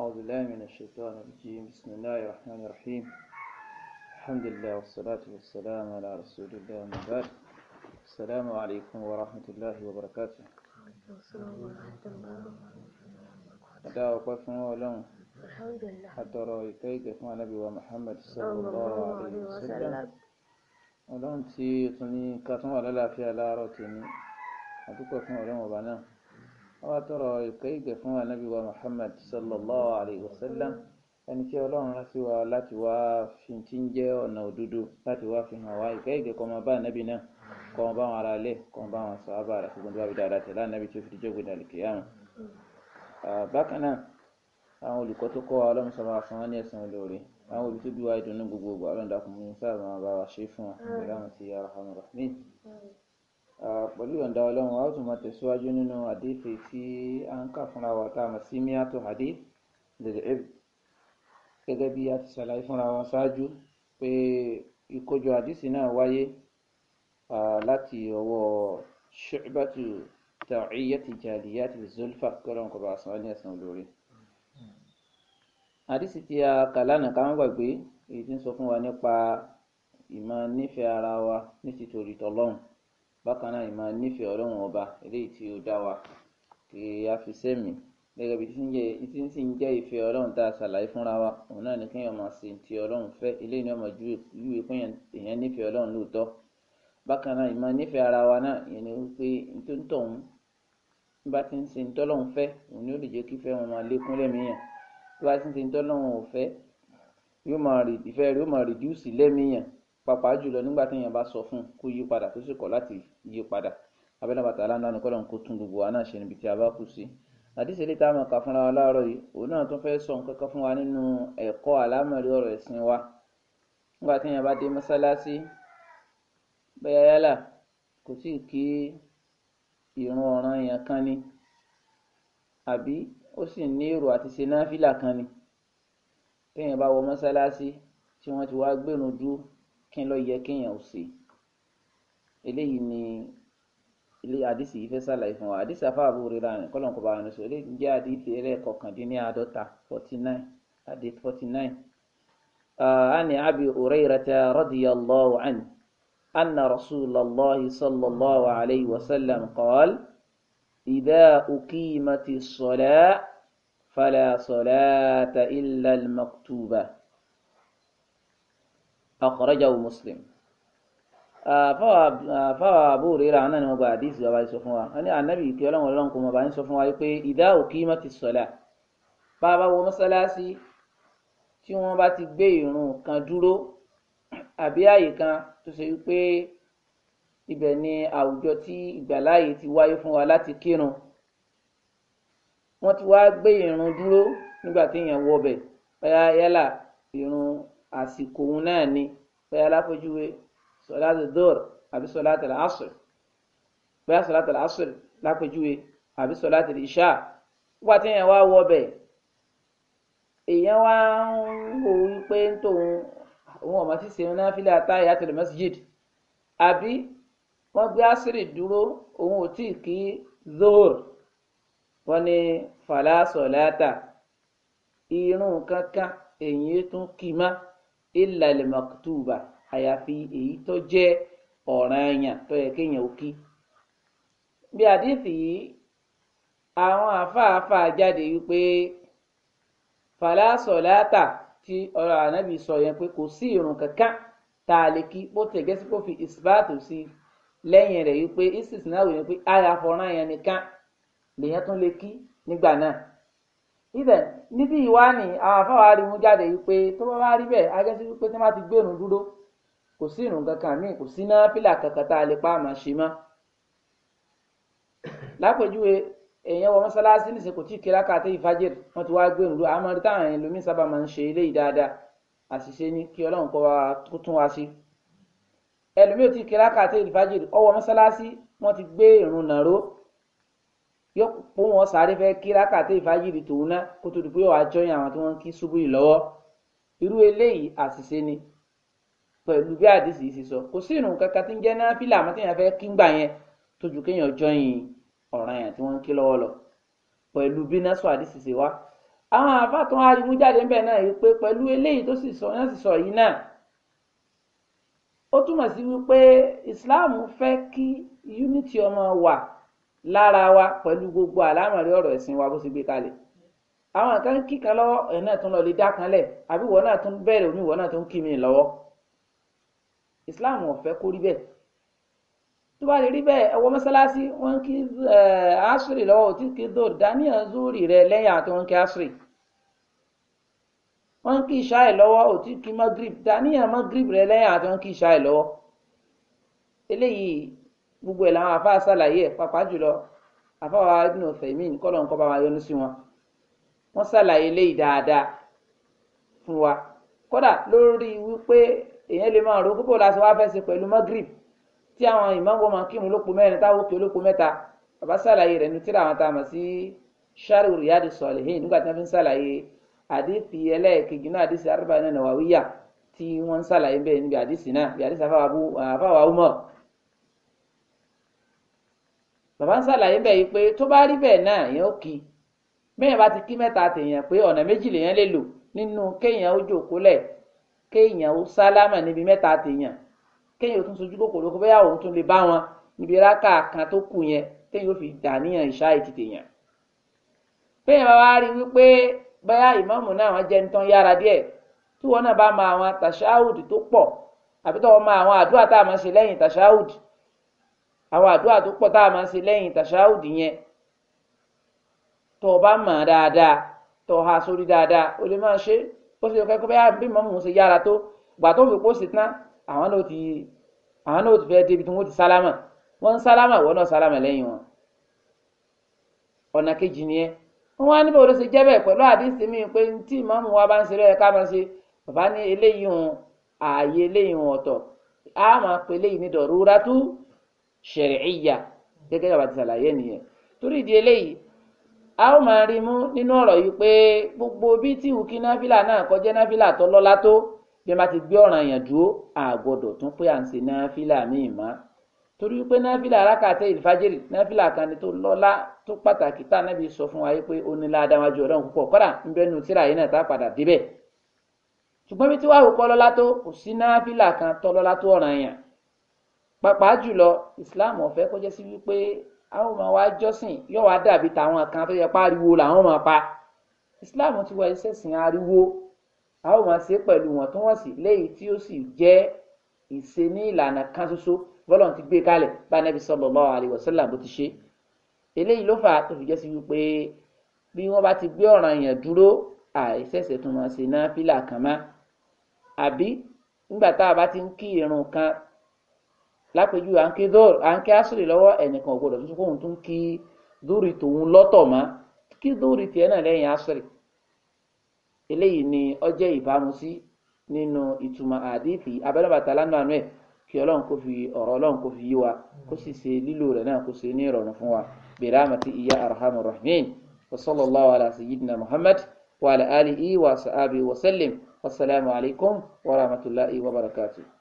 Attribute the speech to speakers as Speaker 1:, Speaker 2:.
Speaker 1: أعوذ بالله من الشيطان الرجيم بسم الله الرحمن الرحيم الحمد لله والصلاة والسلام على رسول الله وبعد السلام عليكم ورحمة الله وبركاته ورحمة الله وبركاته الحمد لله حتى رأيكيك مع نبي محمد صلى الله عليه وسلم ولم تي تني كاتم على لا في على روتيني أدوك وقفنا ولهم wọ́n wá tọrọ ìpè ìgbè fún anabi wa muhammad sallallahu alayhi wa sallam ẹni tí ọlọ́run rán sí wa láti wá fi ti ń jẹ́ ọ̀nà òdodo láti wá fi hàn wá ìpè ìgbè kọ́ ọmọ bá anabi náà kọ́ ọmọ bá wọn ara lẹ̀ kọ́ ọmọ bá wọn sọ ábà rẹ̀ ṣùgbọ́n tó bá fi dáadáa tẹ̀lé anabi tó fi di jókòó dàlù kìyàmù. bákan náà àwọn olùkọ́ tó kọ́ wa ọlọ́run sọ máa san wọ́n ní ẹ̀san olóore àwọn òbí bí wa ìdùnnú gbogbogbò ọlọ́run dàkún sáà máa bá wa ṣe fún wọn pẹ̀lú ìyọ̀ǹda ọlọ́run a ó tún máa tẹ̀síwájú nínú àdéfè tí a ń kà fúnra wa tá a mọ̀ sí miato hadith lèlèb gẹ́gẹ́ bí a ti ṣàlàyé fúnra wa ṣáájú pé ìkójọ àdìsí náà wáyé láti ọwọ́ ṣùgbọ́tù tàwíyàtì jàlíyàtì zulfa kọ́lọ́n kọ́ba àsán ní ẹ̀sán olórí. àdìsí tí a kà lánàá ká ń gbàgbé èyí tí ń sọ fún wa nípa ìmọ̀ nífẹ̀ẹ́ ara wa ní ti torí tọ́lọ́run bákan náà ìmọ̀ nífẹ̀ẹ́ ọlọ́run ọba eléyìí tí ó dá wa kí a fi sẹ́mi gẹ́gẹ́ bí tí ń sì ń jẹ́ ìfẹ́ ọlọ́run tá a ṣàlàyé fúnra wa òun náà ni kéèyàn máa ṣe ti ọlọ́run fẹ́ eléyìí ni ọmọ júwe pé èèyàn nífẹ̀ẹ́ ọlọ́run lóòótọ́ bákan náà ìmọ̀ nífẹ̀ẹ́ ara wa náà ìyẹn ni wípé tó ń tọ̀ òun bá ti ń ṣe tọ́lọ́run fẹ́ òun ni ó lè jẹ́ kí fẹ́ wọn máa lékún lẹ́mìíyàn tó bá ti ń ṣe tọ́lọ́run ò fẹ́ ìfẹ́ rẹ̀ yóò máa rìdíùsì lẹ́mìíyàn pàápàá jùlọ nígbà téèyàn bá sọ fún un kó yí padà tó sì kọ̀ láti yí padà abẹ́lẹ́ bàtà aláǹdáni kọ́lọ̀ kó tún gbogbo wa náà ṣe níbi tí a bá kù sí. àdìsí ilé tá a máa kà fúnra wa láàárọ̀ yìí òun náà tún fẹ́ẹ́ sọ nǹkan kan fún wa nínú ẹ̀kọ́ àlámọ̀rí ọ̀rọ̀ ẹ̀sìn wa nígbà téèyàn bá dé mọ́sálásí bẹ́ẹ̀ yálà kò tí kí ìrun ọ̀ràn èèyàn kan ni àbí ó sì ní èrò àti ṣe náfìlà kan ni téèyàn bá wọ mọ́sálásí tí wọ́n ti wá gbẹ̀rùn dúró kí ló yẹ kéèyàn ò ṣe eléyìí ni ilé àdìsí yìí fẹ́ sàlàyé fún wa àdìsí afá àbúrò rẹ̀ rárẹ̀ kọ́lọ̀ kọ́ba àrùn sọ eléyìí jẹ́ àdìsí ẹlẹ́ẹ̀kọkàndínláàdọ́ta forty nine àdìsí forty nine. عن أبي هريرة رضي الله عنه أن رسول الله صلى الله عليه وسلم قال إذا أقيمت الصلاة فلا صلاة إلا المكتوبة akhrajahu muslim fáwọn àbúrò rẹ̀ àwọn náà ni wọ́n gba àdìsí wa báyìí sọ fún wa wọ́n ní ànábì ìpè ọlọ́run ọlọ́run kò mọ̀ báyìí sọ fún wa pé idha uqimatis salah bá a bá wọ mọ́sálásí tí wọ́n bá ti gbé ìrun kan dúró àbí àyè kan tó ṣe wípé ibẹ̀ ni àwùjọ tí ìgbàláyè ti wáyé fún wa láti kírun wọ́n ti wá gbé ìrun dúró nígbà tí èèyàn wọ bẹ̀ àsìkò òun náà ni bóyá lápẹjúwe sọláàtì dọr àbí sọláàtì làásùr bóyá sọláàtì làásùr lápẹjúwe àbí sọláàtì ìṣá wíwá tí èèyàn wá wọ bẹ èèyàn wá ń wò wípé ń tòun òun ọmọ tí sèun náà fílẹ ata ìyá tẹlẹ àbí wọn gbé àṣírí dúró òun ò tíì kí zohor wọn ní fàlà sọláàtà irun kankan èyí tún kì í má illa al-maktuba àyàfi èyí tó jẹ́ ọ̀ranyàn tó yẹ kéèyàn ó kí. bí àdìsí yìí àwọn àfáàfà jáde wípé fàlásọ̀láàtà tí ọ̀rọ̀ ànábì sọ yẹn pé kò sí irun kankan tá a lè kí bó tẹ̀ gẹ́sí kó fi ìsìbáàtò sí lẹ́yìn rẹ̀ wípé isis náà wò yẹn pé àyàfọ̀ràn yẹn nìkan lèyẹn tún lè kí nígbà náà ibẹ̀ níbí ìwá ni àwọn afáwa rí mú jáde wípé tó bá wá rí bẹ́ẹ̀ á jẹ́sí wípé tí wọ́n ti gbèrún dúró kò sí ìrùn kankan míì kò sí náà pílà kankan tá a lè pa àmọ́ ṣe mọ́. lápèjúwe èèyàn wọ mọ́sálásí nìṣe kò tí ì kíra káàtó ìfàjẹrì wọ́n ti wá gbèrún dúró àmọ́ rí táwọn èèyàn lómi sábà máa ń ṣe eléyìí dáadáa àṣìṣe ni kí ọlọ́run kọ́ wa tó tún wa ṣe. ẹlòmíì ò tí ì kíra káàtó ìfàjẹrì ọwọ́ mọ́sálásí wọ́n ti gbé ìrùn nàró yóò kó wọn sáré fẹ́ kí rákàtà ìfájìrì tòun ná kó tó di pé wàá jọyìn àwọn tí wọ́n kí ṣubú yìí lọ́wọ́ irú eléyìí àṣìṣe ni pẹ̀lú bí àdìsí ṣe sọ kò sí ìrùn kankan tí ń jẹ́ náfìlà àmọ́ téèyàn fẹ́ kí ń gbà yẹn tó ju kéèyàn jọyìn ọ̀ràn yẹn tí wọ́n ń kí lọ́wọ́ lọ pẹ̀lú bí násù àdìsí ṣe wá àwọn àfa tó ń arimú jáde ńbẹ náà yìí pé pẹ̀lú eléyìí tó sì sọ náà sì sọ lára wa pẹ̀lú gbogbo àlámọ̀rí ọ̀rọ̀ ẹ̀sìn wa bó ṣe gbé kalẹ̀ àwọn kan kíkan lọ́wọ́ ẹ̀ náà tún lọ lè dá kan lẹ̀ àbí ìwọ náà tún bẹ̀rẹ̀ omi ìwọ náà tún kí mi lọ́wọ́ Islam ò kó rí bẹ́ẹ̀ tó bá lè rí bẹ́ẹ̀ ẹ̀wọ́ mọ́sálásí wọ́n kí asiri lọ́wọ́ òtí kí dò daniel zuri rẹ lẹ́yìn àti wọ́n kí asiri wọ́n kí ìṣáì lọ́wọ́ òtí kí magrib daniel magrib rẹ lẹ́yìn àti wọ́n kí ìṣáì lọ́wọ́ eléyìí gbogbo ẹ̀ làwọn àfáà ṣàlàyé ẹ̀ pàápàá jùlọ àfáà wa Ibn Uthaymeen kọ́lọ̀ ń kọ́ bá wa yọ́nú sí wọn wọ́n ṣàlàyé léyìí dáadáa fún wa kódà lórí wípé èèyàn lè máa ro púpọ̀ láti wá fẹ́ ṣe pẹ̀lú magrib tí àwọn ìmáàmù máa kírun lóko mẹ́rin táwọn òkè olóko mẹ́ta bàbá ṣàlàyé rẹ̀ nu tíra àwọn tá a mọ̀ sí sharh Riyadus Salihin nígbà tí wọ́n fi ń ṣàlàyé àdìsí ẹlẹ́ẹ̀kejì náà àdìsí arba'in nawawiyya tí wọ́n ń ṣàlàyé bẹ́ẹ̀ níbi àdìsí náà bí àdìsí àfáwà Umar bàbá ń ṣàlàyé bẹ́ẹ̀ yìí pé tó bá rí bẹ́ẹ̀ náà èèyàn ó kí bẹ́ẹ̀ bá ti kí mẹ́ta tèèyàn pé ọ̀nà méjì lèèyàn lè lò nínú kéèyàn ó jòkólẹ̀ kéèyàn ó sálámà níbi mẹ́ta tèèyàn kéèyàn ó tún sojú kòkòrò kó bẹ́yà òun tún lè bá wọn níbi rákà kan tó kù yẹn téèyàn ó fi dà níyàn ìṣá ètì tèèyàn. béèyàn bá wá rí wípé bẹ́yà ìmáàmù náà wọ́n jẹ́ nítan yára díẹ̀ tí wọ́n náà bá mọ àwọn tàṣáhùd tó pọ̀ àbí tó wọ́n mọ àwọn àdúrà tá a máa ṣe lẹ́yìn tàṣáhùd àwọn àdúrà tó pọ̀ tá a máa ń ṣe lẹ́yìn tàṣáhùdì yẹn tó o bá mọ̀ dáadáa tó o ha sórí dáadáa o lè máa ṣe ó ṣe kẹ́kọ̀ọ́ bẹ́ẹ̀ bí mọ́mú ṣe yára tó gbà tó fi kó sí tán àwọn náà ti àwọn náà ti fẹ́ débi tí wọ́n ti sálámà wọ́n ń sálámà wọ́n náà sálámà lẹ́yìn wọn ọ̀nà kejì nìyẹn wọn wá níbo ló ṣe jẹ́ bẹ́ẹ̀ pẹ̀lú àdìsí mi pé tí mọ́mú wa bá ń ṣe ká máa ṣe bàbá ní eléyìí hàn ààyè eléyìí hàn ọ̀tọ̀ á máa pe eléyìí ní dọ̀rúratú ṣẹ̀ríyà gẹ́gẹ́ bàbá ti ṣàlàyé nìyẹn torí ìdí eléyìí a ó máa rí mú nínú ọ̀rọ̀ yìí pé gbogbo bí tí ìwúkí náfìlà náà kọjá náfìlà tó lọ́lá tó bí wọ́n bá ti gbé ọ̀ràn yàn dúró àgọ́dọ̀ tún pé à ń ṣe náfìlà míì mọ́ torí pé náfìlà arákàtẹ́ ìfàjẹrì náfìlà kan ni tó lọ́lá tó pàtàkì tá náà bí sọ fún wa pé ó ní ládàáwájú ọ̀rọ̀ púpọ̀ kọ́dà ń bẹ́ nu tíra yìí náà tá padà débẹ̀ ṣùgbọ́n bí tí wàá wò kọ́ lọ́lá tó kò sí náfìlà kan tó lọ́lá tó ọ̀ràn yàn pàápàá jùlọ islam ò fẹ́ kó jẹ́ sí wípé àwọn ọmọ wa jọ́sìn yóò wá dàbí tàwọn kan tó yẹ páriwo làwọn máa pa islam ti wá iṣẹ́ sìn ariwo àwọn máa ṣe pẹ̀lú wọn tó wọ́n sì léyìí tí ó sì jẹ́ ìṣe ní ìlànà kan ṣoṣo bọ́lọ̀ ti gbé kalẹ̀ bá nẹ́bí sallallahu alaihi wasallam bó ti ṣe eléyìí ló fà á tó fi jẹ́ sí wípé bí wọ́n bá ti gbé ọ̀ràn yẹn dúró àìsẹ̀sẹ̀ tó máa ṣe náà fílà kan mọ́ àbí nígbà tá a bá ti ń kí irun kan lápẹjù à ń kí dóòr à ń kí asiri lọ́wọ́ ẹnìkan ò gbọdọ̀ tuntun kóhun tún kí dóòrì tòun lọ́tọ̀ mọ́ kí dóòrì tiẹ̀ náà lẹ́yìn asiri eléyìí ni ọjẹ́ ìbámu sí nínú ìtumọ̀ àdìsí abẹ́lẹ́bàtà lánàá nù ẹ̀ kí ọlọ́run kò fi ọ̀rọ̀ ọlọ́run kò fi yí wa kó sì ṣe lílo rẹ̀ náà kó ṣe ní ìrọ̀rùn fún wa bìrámàtì ìyá arhamar rahimin wa sallallahu ala sayyidina muhammad wa ala wa sahabi wa sallim alaykum wa rahmatulahi wa barakatuh.